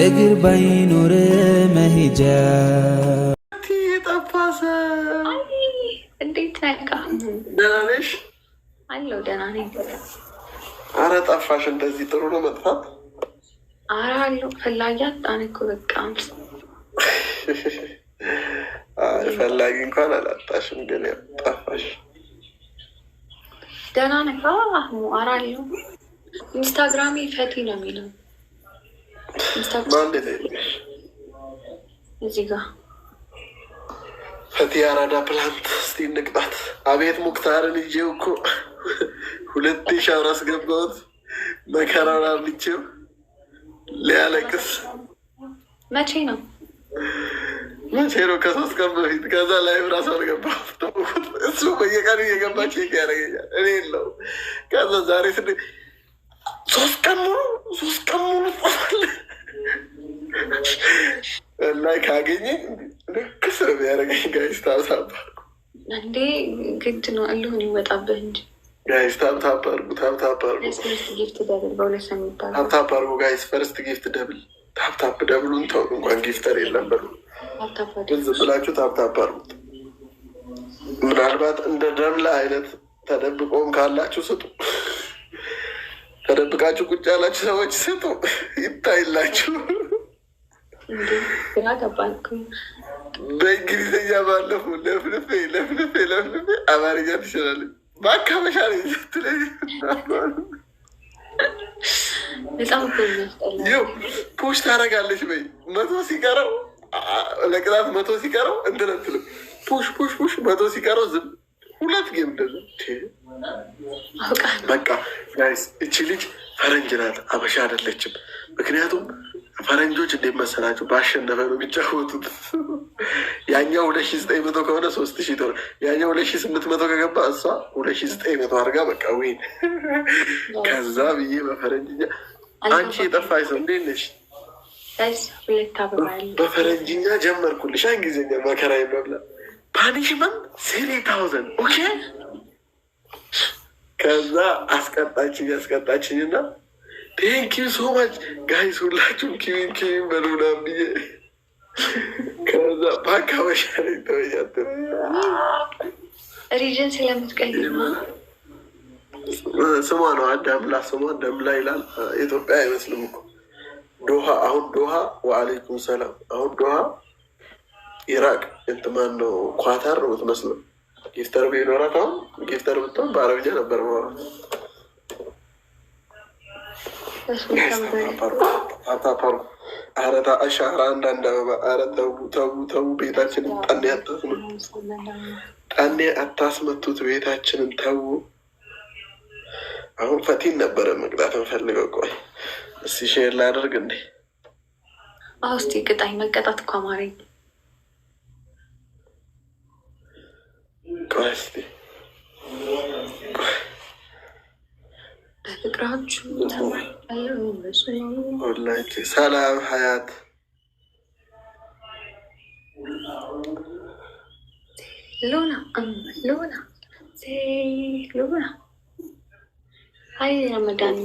እግር ባይኖር መሄጃ ጠፋሰ እንዴት ነቃ? ደህና ነሽ? አለሁ ደህና ነኝ። አረ ጠፋሽ። እንደዚህ ጥሩ ነው መጥፋት። አረ አለሁ ፈላጊ አጣን እኮ በቃ ፈላጊ እንኳን አላጣሽም፣ ግን ጠፋሽ። ደህና አረ አለሁ ኢንስታግራሜ ፈቲ ነው የሚለው እዚህ ጋር ፈቲ አራዳ ፕላንት እስቲ አቤት ሙክታርን ይዤው እኮ ሁለት ሻወር አስገባሁት። ሊያለቅስ መቼ ነው መቼ ነው? ከሶስት ቀን በፊት ከዛ ላይ እሱ በየቀኑ እየገባ ቼክ ያደርገኛል። እኔ የለው ከዛ ዛሬ ስ ሶስት ቀን ሙሉ ሶስት ቀን ሙሉ እና ካገኘ ልክ ስር ያደረገኝ ጋይስ ታብታብ እንዴ፣ ግድ ነው አለሁን ይወጣበት እንጂ ጋይስ ታብታብ አድርጉ፣ ታብታብ አድርጉ፣ ታብታብ ጋይስ ፈርስት ጊፍት ደብል ታብታብ ደብሉን ተው፣ እንኳን ጊፍተር የለም በሉ፣ ግን ዝም ብላችሁ ታብታባርኩት ምናልባት እንደ ደምለ አይነት ተደብቆም ካላችሁ ስጡ። ተደብቃችሁ ቁጭ ያላችሁ ሰዎች ስጡ፣ ይታይላችሁ። በእንግሊዝኛ ባለፉ ለፍልፌ ለፍልፌ ለፍልፌ አማርኛ ትችላለች። በአካበሻ ላይ ስትለኝ ፖሽ ታደርጋለች። በይ መቶ ሲቀረው ለቅጣት መቶ ሲቀረው እንትን አትልም። ፖሽ ፖሽ ፖሽ መቶ ሲቀረው ዝም ሁለት ጌም ደ በቃ ጋይስ፣ እቺ ልጅ ፈረንጅ ናት፣ አበሻ አይደለችም። ምክንያቱም ፈረንጆች እንዴት መሰላቸው ባሸነፈ ነው የሚጫወቱት። ያኛው ሁለት ሺ ዘጠኝ መቶ ከሆነ ሶስት ሺ ቶ ያኛው ሁለት ሺ ስምንት መቶ ከገባ እሷ ሁለት ሺ ዘጠኝ መቶ አድርጋ በቃ ወይን። ከዛ ብዬ በፈረንጅኛ አንቺ የጠፋሽ ሰው እንዴት ነሽ? በፈረንጅኛ ጀመርኩልሽ እንግሊዝኛ መከራ ይመብላ ፓኒሽመንት ስሪ ታውዘን ኦኬ። ከዛ አስቀጣችኝ አስቀጣችኝ እና ቴንክ ሶ ማች ጋይስ ሁላችሁም ኪዊን ኪዊን በሉና ብዬ ከዛ ባካ በሻ ተበያት ሪጅን ስለምትቀይር ስሟ ነው። ደምላ ስሟ ደምላ ይላል። ኢትዮጵያ አይመስልም እኮ ዶሃ። አሁን ዶሃ ወአሌይኩም ሰላም። አሁን ዶሃ ኢራቅ እንትማን ነው ኳታር ነው ምትመስለው። ጊፍተር ቢኖራት አሁን ጊፍተር ብትሆን በአረብኛ ነበር ማውራት አታፈሩ። ኧረ እሺ፣ ኧረ አንዳንድ አበባ። አረ ተው ተው ተው፣ ቤታችንን ጠኔ አታስመቱት፣ ጠኔ አታስመቱት ቤታችንን ተው። አሁን ፈቲን ነበረ መቅጣት እንፈልገው። ቆይ እስቲ ሼር ላደርግ እንዴ? አዎ እስኪ ቅጣኝ። መቀጣት እኮ አማረኝ። ቆይ እስኪ በፍቅራችሁ ሰላም ሀያት ሎና ሎና ሎና ሀይ ረመዳን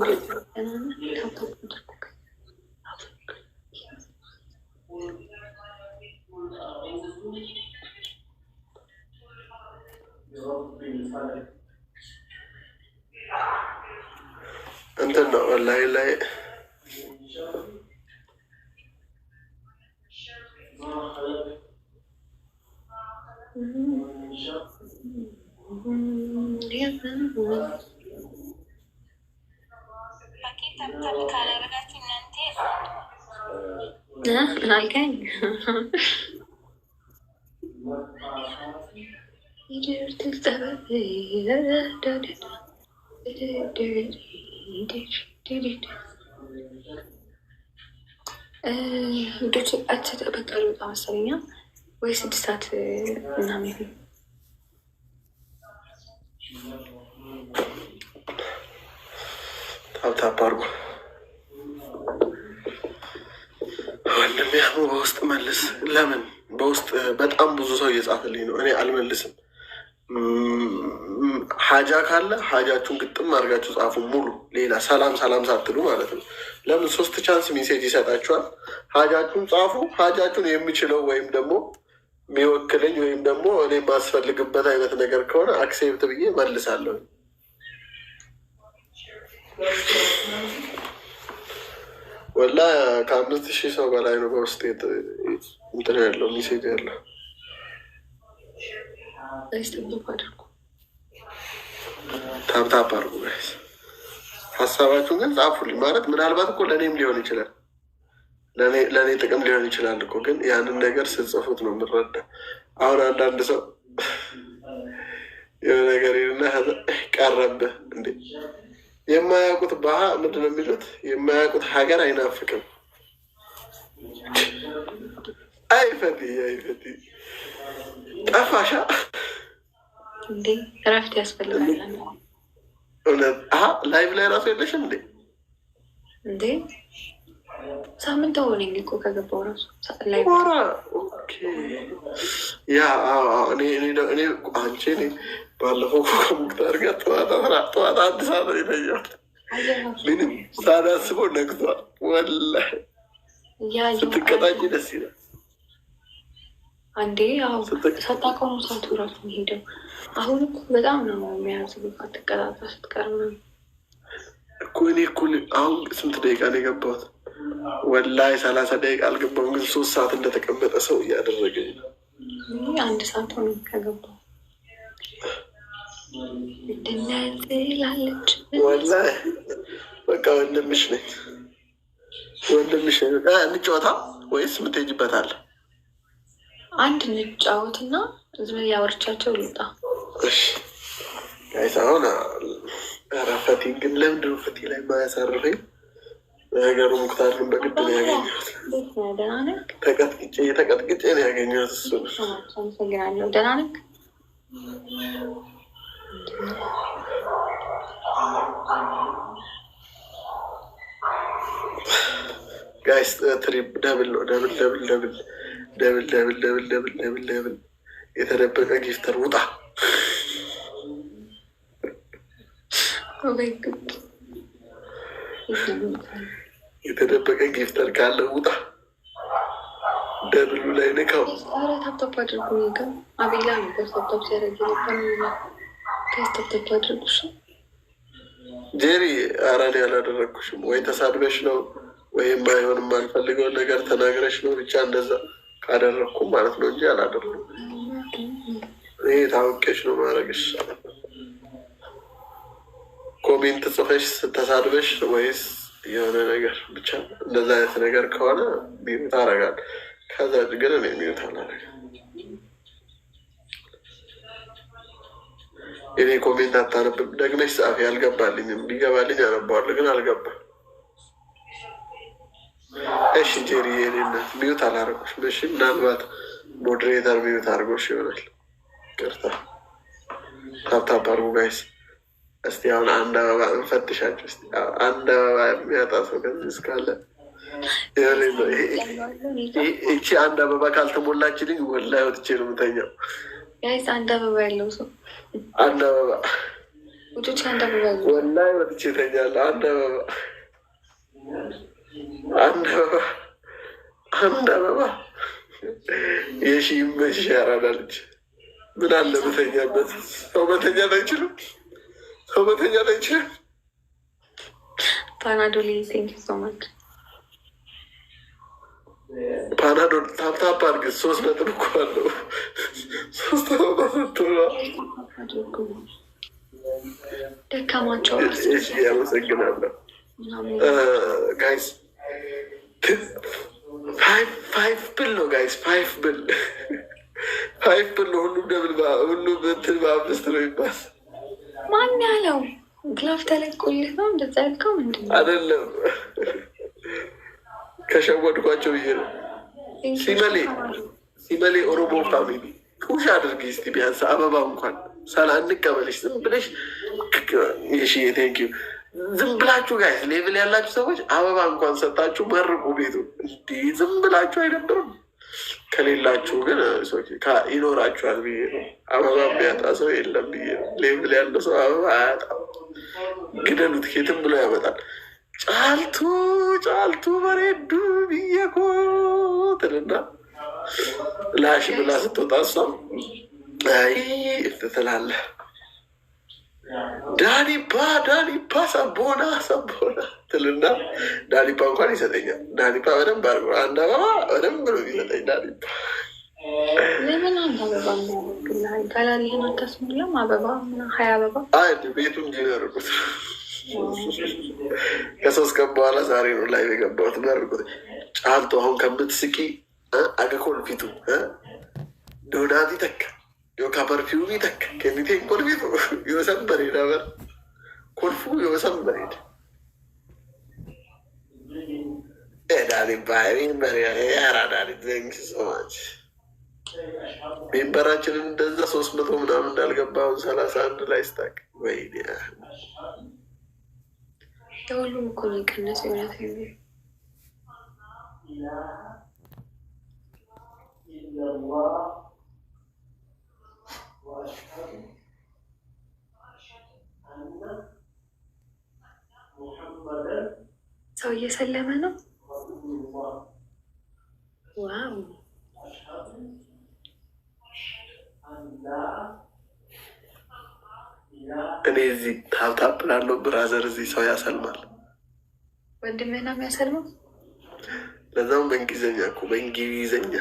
ልጆች አትጠበቃሉ በጣም ወይ ስድስት ሰዓት ምናምን ታፕታፕ አርጎ ወንድሜ። ያሙ በውስጥ መልስ። ለምን በውስጥ በጣም ብዙ ሰው እየጻፈልኝ ነው። እኔ አልመልስም። ሀጃ ካለ ሀጃችሁን ግጥም አድርጋችሁ ጻፉ። ሙሉ ሌላ ሰላም ሰላም ሳትሉ ማለት ነው። ለምን ሶስት ቻንስ ሜሴጅ ይሰጣችኋል። ሀጃችሁን ጻፉ። ሀጃችሁን የሚችለው ወይም ደግሞ የሚወክለኝ ወይም ደግሞ እኔ የማስፈልግበት አይነት ነገር ከሆነ አክሴፕት ብዬ መልሳለሁ። ወላ ከአምስት ሺህ ሰው በላይ ነው በውስጥ እንትን ያለው ሚሴጅ ያለው ታብታብ አድርጉ። ሀሳባችሁን ግን ጻፉልኝ። ማለት ምናልባት እኮ ለእኔም ሊሆን ይችላል ለእኔ ጥቅም ሊሆን ይችላል እኮ ግን ያንን ነገር ስጽፉት ነው የምረዳ። አሁን አንዳንድ ሰው የሆነ ነገር ይልና ቀረብህ እንዴ የማያውቁት ባህ ምንድን ነው የሚሉት? የማያውቁት ሀገር አይናፍቅም። አይፈቲ አይፈቲ ጠፋሻ እንዴ እረፍት ያስፈልጋል። እውነት ላይቭ ላይ ራሱ የለሽም እንዴ እንዴ ሳምንት ሆነኝ እኮ ከገባው ራሱ አንቺ ባለፈው ጠዋት ምንም ሳላስበው ነግቷል። ወላሂ ደስ ይላል። አንዴ ሳታውቀው ነው አሁን በጣም ነው የሚያዝ ስትቀር እኮ እኔ እኮ አሁን ስንት ደቂቃ ነው የገባሁት? ወላይ ሰላሳ ደቂቃ አልገባሁም፣ ግን ሶስት ሰዓት እንደተቀመጠ ሰው እያደረገኝ ነው። አንድ ሰዓት ሆነ ከገባ ላለች ወላይ በቃ ወንድምሽ ነኝ፣ ወንድምሽ ነኝ። እንጫወታ ወይስ የምትሄጂበት አለ? አንድ እንጫወትና ዝም ያወርቻቸው ልውጣ። ጋይስ አሁን ረፈቲ ግን ለምንድን ነው ፈቲ ላይ ማያሳርፈኝ? የሀገሩ ሙክታር በግድ ነው ያገኘሁት። ተቀጥቅጬ ተቀጥቅጬ ነው ያገኘሁት። እሱ ደህና ነህ? ጋይስ ትሪፕ ደብል ደብል ደብል ደብል ደብል ደብል ደብል ደብል ደብል ደብል የተደበቀ ጊፍተር ውጣ የተደበቀ ጊፍተር ካለ ውጣ፣ ደብሉ ላይ ንቀው ኧረ ታፕታፕ አድርጉ። ግን አቤላ ነበር ታፕታፕ ሲያደርግ ታፕታፕ አድርጉ። ጄሪ አራን ያላደረግኩሽም ወይ ተሳድበሽ ነው ወይም ባይሆን የማልፈልገውን ነገር ተናግረሽ ነው። ብቻ እንደዛ ካደረግኩ ማለት ነው እንጂ አላደረኩም። ይህ ታውቄሽ ነው ማድረግሽ። ኮሜንት ጽፈሽ ተሳድበሽ ወይስ የሆነ ነገር ብቻ እንደዛ አይነት ነገር ከሆነ ሚዩት አረጋል። ከዛ ግን እኔ ሚዩት አላረግ። እኔ ኮሜንት አታነብም ደግመሽ ጻፊ። አልገባልኝም። ቢገባልኝ አነባዋለሁ፣ ግን አልገባም። እሺ ጄሪ፣ የኔነት ሚዩት አላረጎች። እሺ ምናልባት ሞድሬተር ሚዩት አድርጎሽ ይሆናል። ቅርታ ታፕታፕ አድርጉ ጋይስ። እስቲ አሁን አንድ አበባ እንፈትሻቸው። እስቲ አንድ አበባ የሚያጣ ሰው ከዚህ እስካለ ይቺ አንድ አበባ ካልተሞላችልኝ ወላሂ ወጥቼ ነው የምተኛው። ጋይስ አንድ አበባ ያለው ሰው አንድ አበባ ውጮች፣ አንድ አበባ ወላሂ ወጥቼ እተኛለሁ። አንድ አበባ አንድ አበባ አንድ አበባ የሺ መሽ ያራዳለች። ምን አለ በተኛበት ሰው መተኛት አይችልም። ሰው ፓናዶል ቴንክ ዩ ሶ ማች ፓናዶል ታፕታፕ አድርግ። ሶስት ነጥብ እኮ አለው። ሶስት ደካማቸው ያመሰግናለሁ ጋይስ። ፋይፍ ብል ነው ጋይስ፣ ፋይፍ ብል ፋይፍ ብል ነው። ሁሉም ደብል ሁሉም እንትን በአምስት ነው ይባል ማን ያለው ግላፍ ተለቆልህ ነው እንደዛ ያልከው? ምንድን አይደለም ከሸወድኳቸው ይሄ ነው። ሲመሌ ሲመሌ ኦሮሞ ፋሚሊ ቁሽ አድርጊ እስቲ ቢያንስ አበባ እንኳን ሰላ እንቀበልሽ ዝም ብለሽ ሺ ቴንክ ዩ ዝም ብላችሁ ጋይ ሌቭል ያላችሁ ሰዎች አበባ እንኳን ሰጣችሁ መርቁ ቤቱ እንዲህ ዝም ብላችሁ አይደብርም? ከሌላችሁ ግን ይኖራችኋል ብዬ ነው። አበባ የሚያጣ ሰው የለም ብዬ ነው። ሌብል ያለ ሰው አበባ አያጣም። ግደሉት፣ ኬትም ብሎ ያመጣል። ጫልቱ ጫልቱ በሬዱ ብዬኮ ትልና ላሽ ብላ ስትወጣ እሷ አይ ትላለህ። ዳሊፓ ዳሊፓ ሰቦና ሰቦና ትልና ዳሊፓ እንኳን ይሰጠኛል። ዳሊፓ በደንብ አድርጎ አንድ አበባ በደንብ ነው ይሰጠኝ። ዳሊባ ለምን ከሶስት ቀን በኋላ ዛሬ ነው ላይ የገባሁት። ነርጉት ጫልቶ አሁን ከምትስቂ አገኮል ፊቱ ዶናት ይተካ yookaan barfiiwwii takka kenniteen kolfitu yoo san bareeda bara kolfuu yoo san bareeda edaanin baay'een bareeda yaaraadaanin ዘንግስማች ሜምበራችንን እንደዛ ሶስት መቶ ምናምን እንዳልገባውን ሰላሳ አንድ ላይ ስታቅ ወይ ሁሉም እኮ ነው የቀነሰ ላት ሚ ሰው እየሰለመ ነው። ዋው እኔ እዚህ ታፕታፕ ላለው ብራዘር እዚህ ሰው ያሰልማል። ወንድሜ ነው የሚያሰልመው፣ ለዛም በእንግሊዝኛ እኮ በእንግሊዝኛ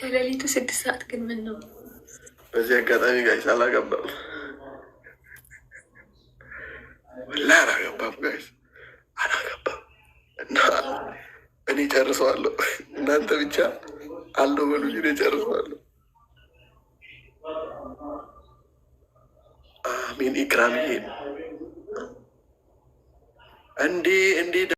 ከሌሊቱ ስድስት ሰዓት ግን ምን ነው በዚህ አጋጣሚ ጋይስ አላገባም ላ አላገባም ጋይስ አላገባም እና እኔ ጨርሰዋለሁ። እናንተ ብቻ አለው በሉኝ። እኔ ጨርሰዋለሁ። አሚን ኢክራም እንዴ እንዴ